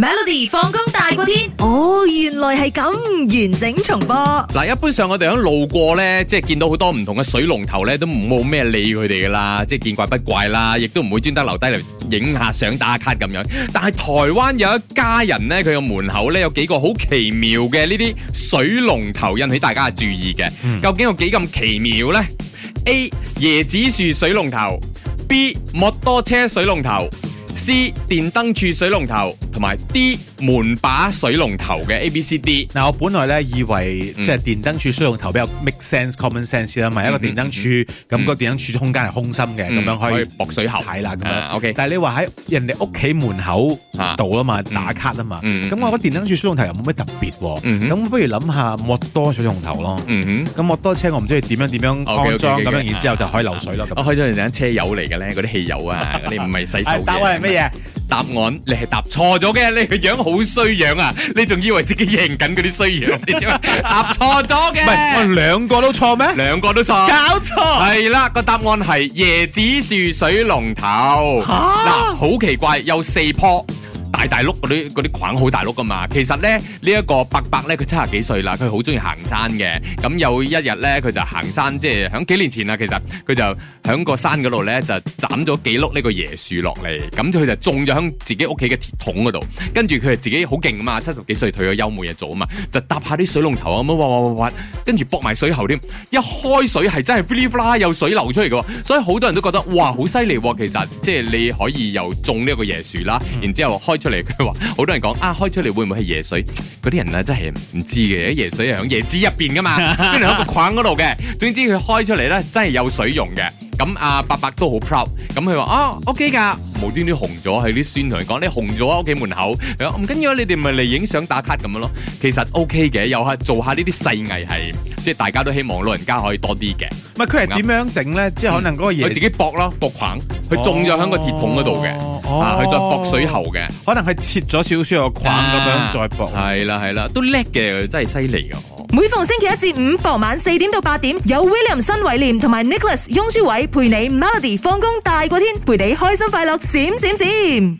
Melody，放工大過天哦，原來係咁，完整重播嗱。一般上我哋響路過咧，即係見到好多唔同嘅水龍頭咧，都冇咩理佢哋噶啦，即係見怪不怪啦，亦都唔會專登留低嚟影下相打卡咁樣。但係台灣有一家人咧，佢嘅門口咧有幾個好奇妙嘅呢啲水龍頭引起大家嘅注意嘅。嗯、究竟有幾咁奇妙咧？A 椰子樹水龍頭，B 摩托車水龍頭，C 電燈柱水龍頭。同埋啲門把水龍頭嘅 A、B、C、D。嗱，我本來咧以為即係電燈柱水龍頭比較 make sense common sense 啦，嘛一個電燈柱，咁個電燈柱空間係空心嘅，咁樣可以駁水喉係啦，咁樣。但係你話喺人哋屋企門口度啊嘛，打卡啊嘛，咁我覺得電燈柱水龍頭又冇咩特別。咁不如諗下莫多水龍頭咯。咁莫多車，我唔知佢點樣點樣安裝，咁樣然之後就可以漏水咯。我開咗台車油嚟嘅咧，嗰啲汽油啊，你唔係洗手。單位係乜嘢？答案你係答錯咗嘅，你個樣好衰樣啊！你仲以為自己贏緊嗰啲衰樣？你知答錯咗嘅，唔係兩個都錯咩？兩個都錯，搞錯係啦。個答案係椰子樹水龍頭，嗱哈，好、啊、奇怪有四棵。大大碌嗰啲啲框好大碌噶嘛，其實咧呢一個伯伯咧，佢七廿幾歲啦，佢好中意行山嘅。咁有一日咧，佢就行山，即係響幾年前啊。其實佢就響個山嗰度咧，就斬咗幾碌呢個椰樹落嚟。咁佢就種咗喺自己屋企嘅鐵桶嗰度。跟住佢係自己好勁啊嘛，七十幾歲退咗休冇嘢做啊嘛，就搭下啲水龍頭啊，咁哇哇哇哇，跟住博埋水喉添。一開水係真係 flap 啦，有水流出嚟嘅。所以好多人都覺得哇，好犀利喎！其實即係你可以又種呢個椰樹啦，然之後開出嚟佢話，好多人講啊，開出嚟會唔會係椰水？嗰啲人啊真係唔知嘅，椰水係響椰子入邊噶嘛，跟住響個框嗰度嘅。總之佢開出嚟咧，真係有水用嘅。咁阿伯伯都好 proud，咁佢話哦、啊、ok 噶，無端端紅咗，喺啲孫同佢講，你、嗯、紅咗啊屋企門口，唔緊要，你哋咪嚟影相打卡咁樣咯。其實 ok 嘅，又係做下呢啲細藝係，即係大家都希望老人家可以多啲嘅。唔係佢係點樣整咧？嗯、即係可能嗰個椰，佢自己搏咯，搏框。佢中咗喺個鐵桶嗰度嘅，哦、啊，佢再駁水喉嘅，可能佢切咗少少個框咁樣再駁，係啦，係啦，都叻嘅，真係犀利嘅。每逢星期一至五傍晚四點到八點，有 William 新偉廉同埋 Nicholas 翁舒偉陪你 Melody 放工大過天，陪你開心快樂閃閃閃閃。